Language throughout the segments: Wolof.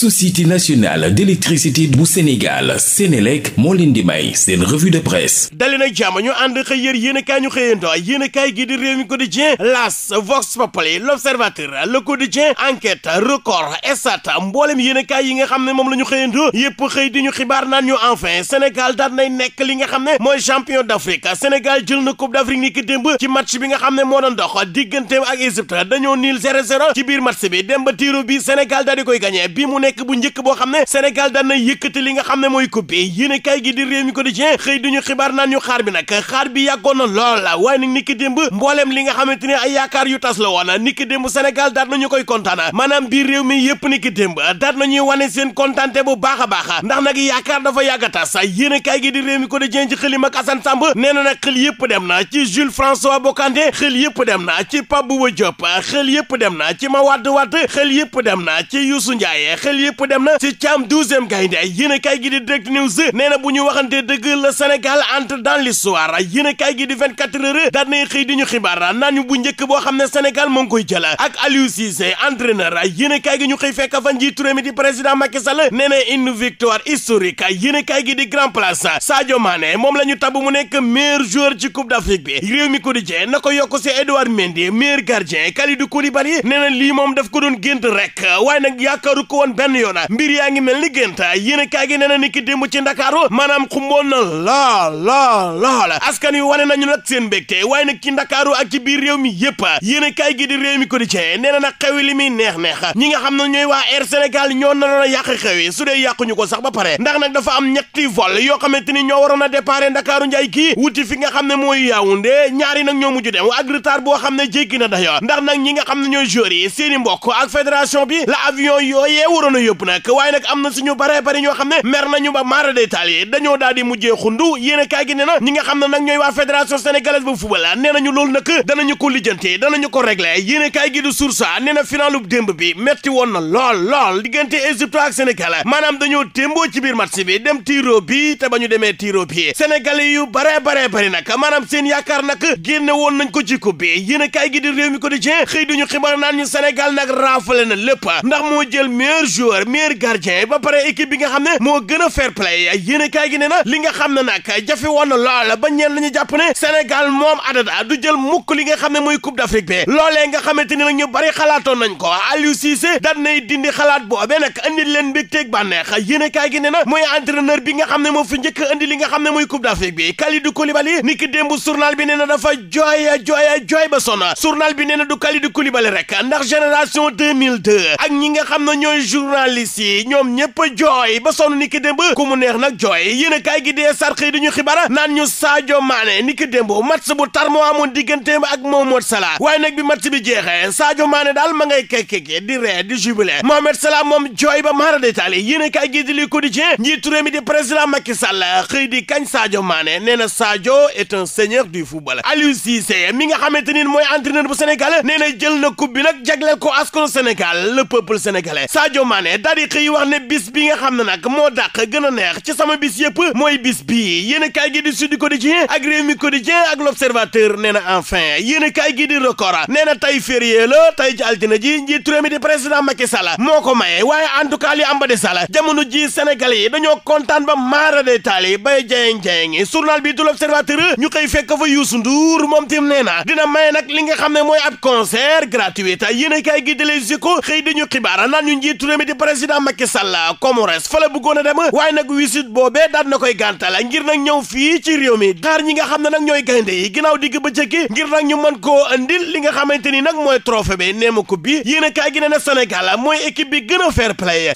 société nationale d'électricité bu Sénégal Sénélec moo leen di may seen revue de presse dali nag jàmm ñu ànd xëy yér ñu xëyanto yéen gi di réew mi quotidien L'As Vox Populi L'Observateur Le Quotidien Enquête Record Stades mboolem yéen yi nga xam ne moom la ñu yépp xëy di ñu xibaar naan ñu enfin Sénégal daal nay nekk li nga xam ne mooy champion d'Afrique Sénégal jël na Coupe d'Afrique ni ki bi nga xam ne moo doon dox digganteem ak Égypte dañoo niil 0-0 ci match bi dem ba tiiru bi Sénégal daal di koy gagné nekk bu njëkk boo xam ne Sénégal daan na yëkkati li nga xam ne mooy coupe bi yéen a kaay gi di réew mi quotidien xëy duñu xibaar naan ñu xaar bi nag xaar bi yàggoon na lool la waaye nag niki démb mbooleem li nga xamante ne ay yaakaar yu tas la woon niki démb Sénégal na nañu koy kontaana maanaam biir réew mi yëpp niki démb na nañuy wane seen kontaante bu baax a baax ndax nag yaakaar dafa yàgg a tas yéen a kaay gi di réew mi quotidien ci xëlim ak Assane Samb nee na nag xel yëpp dem na ci Jules François Bocandé xel yëpp dem na ci Pape Bouba Diop xel yëpp dem na ci Mawade Wade xel yëpp dem na ci Youssou Ndiaye xel yëpp dem na ci caam douzième gaynde yéen gi di direct news nee na bu ñu waxante dëgg la Sénégal entre dans l'histoire yéen a kaay gi di 24 heures daan nay xëy di ñu xibaar naan bu njëkk boo xam ne Sénégal moo ngi koy jël ak Aliou Cissé entraîneur yéen a kaay gi ñu xëy fekk fa njiitu mi di président Macky Sall nee na une victoire a kaay gi di grand place Sadio moom la ñu tabb mu nekk meilleur joueur ci Coupe d'Afrique bi réew mi ko di jee ko doon gént rek benn yoona mbir yaa ngi mel ni gént yéen a kaay gi nee na ni ki démb ci ndakaaru maanaam xumboon na lool lool lool askan yu wane nañu nag seen mbégte waaye nag ndakaaru ak ci biir réew mi yépp yéen a kaay gi di réew mi ko di cee nee na nag xew li muy neex neex ñi nga xam ne ñooy waa Air Sénégal ñoo naroon a yàq xew yi su dee ko sax ba pare ndax na dafa am ñetti vol yoo xam xamante ni ñoo waroon a départ ndakaaru njaay kii wuti fi nga xam ne mooy Yaoundé ñaari nag ñoo mujju dem ak retard boo xam ne jéggi na dayo ndax nag ñi nga xam ne ñooy joueurs yi seeni a yóbbu nag waaye nag am na suñu bare bari ñoo xam ne mer nañu ba maara day taal yi dañoo daal di mujjee xundu yéen a kaay gi ne na ñi nga xam ne nag ah ko lijjante danañu ko régler yéen a kaay gi ah bi metti woon na lool lool diggante Égypte ak Sénégal ah dañoo témboo ci biir match bi dem tiro bi te ba ñu demee tiro bi sénégalais yu bari nag maanaam seen yaakaar nag génne woon nañ ko ci coupe bi yéen a réew mi ko di xëy duñu xibaar naan ñu joueur meilleur gardien ba pare équipe xam ne moo gën a fair play yéen a gi ne na li xam ne nag jafe woon lool ba ñeen la ñu jàpp ne Sénégal moom adada du jël mukk li xam ne mooy coupe d'Afrique bi loolee nga xamante ni nag ñu bari xalaatoon nañ ko Aliou Cissé daan nay dindi xalaat boobee nag andi leen mbégteeg bànneex yéen a kaay gi ne na mooy entraîneur bi xam ne moo fi njëkk andi li xam ne mooy coupe d'Afrique bi Kalidou Koulibaly du Kalidou Koulibaly rek ndax génération 2002 journaliste yi ñoom ñëpp jooy ba sonn ni ki démb ku mu neex nag jooy yéen a kaay gi dee sarx yi di ñu xibaar naan ñu Sadio Mané ni ki démb match bu tar moo amoon digganteem ak Mohamed Salah waaye nag bi match bi jeexee Sadio maane daal ma ngay kekkeke di ree di jubilé Mohamed Salah moom jooy ba maara détaali yéen a kaay gi di li quotidien njiitu réew mi di président Macky Sall xëy di kañ Sadio maane nee na Sadio est un seigneur du football Aliou mi nga xamante ni mooy entraîneur bu Sénégal nee na jël na coupe bi nag jagleel ko askanu Sénégal le peuple sénégalais Sadio Mané ne tarixa yi wax ne bis bi nga xam ne nag moo dàq gën a neex ci sama yëpp mooy bis bii yéen a kaay gi di Sud Quotidien ak Rewmi Quotidien ak L'Observateur nee na enfin yéen a kaay gi di Record nee na tey férié la tey moo ko waaye en tout de Sall jamono ji Sénégal yi dañoo kontaan ba maara de taali bay jayeng-jayeng journal bi du L'Observateur ñu koy fekk fa Youssou Ndour moom tim nee dina maye nag li xam ne mooy ab concert gratuit yéen a di président Macky salla Comores fa la bëggoon a dem waaye nag wisit boobee daan na koy gàntal ngir nag ñëw fii ci réew mi xaar ñi nga xam ne nag ñooy gaynde yi ginnaaw digg bëccëg gi ngir nag ñu mën koo andil li nga xamante ni nag mooy trophée bi neema ko bi yéen a kaay gi ne na Sénégal mooy équipe bi gën a fair play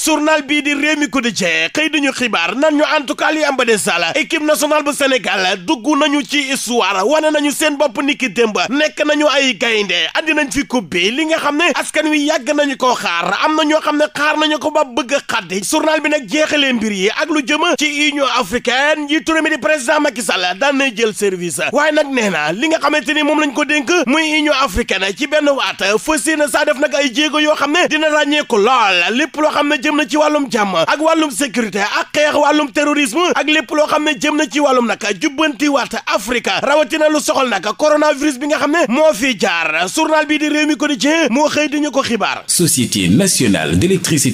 bii di réew mi ko di cee xëy duñu xibaar nan ñu en tout cas li am ba des sala équipe nationale bu Sénégal dugg nañu ci histoire wane nañu seen bopp niki démb nekk nañu ay gaynde andi fi coupe li nga xam ne askan wi yàgg nañu koo xaar na ñoo xam nañu ko ba bëgg a xaddi bi nag jeexalee mbir yi ak lu jëm ci union africaine yi turami di président Macky Sall daan nay jël service waaye nag nee li nga xamante ni moom lañ ko dénk muy union africaine ci benn waat fas yéene saa def nag ay jéego yoo xam ne dina ràññeeku lool lépp loo xam ne jëm na ci wàllum jàmm ak wàllum sécurité ak xeex wàllum terrorisme ak lépp loo xam ne jëm na ci wàllum nag jubbanti waat Afrique rawatina lu soxal nag coronavirus bi nga xam ne moo fi jaar journal bi di réew mi quotidien moo xëy diñu ko xibaar société nationale d'électricité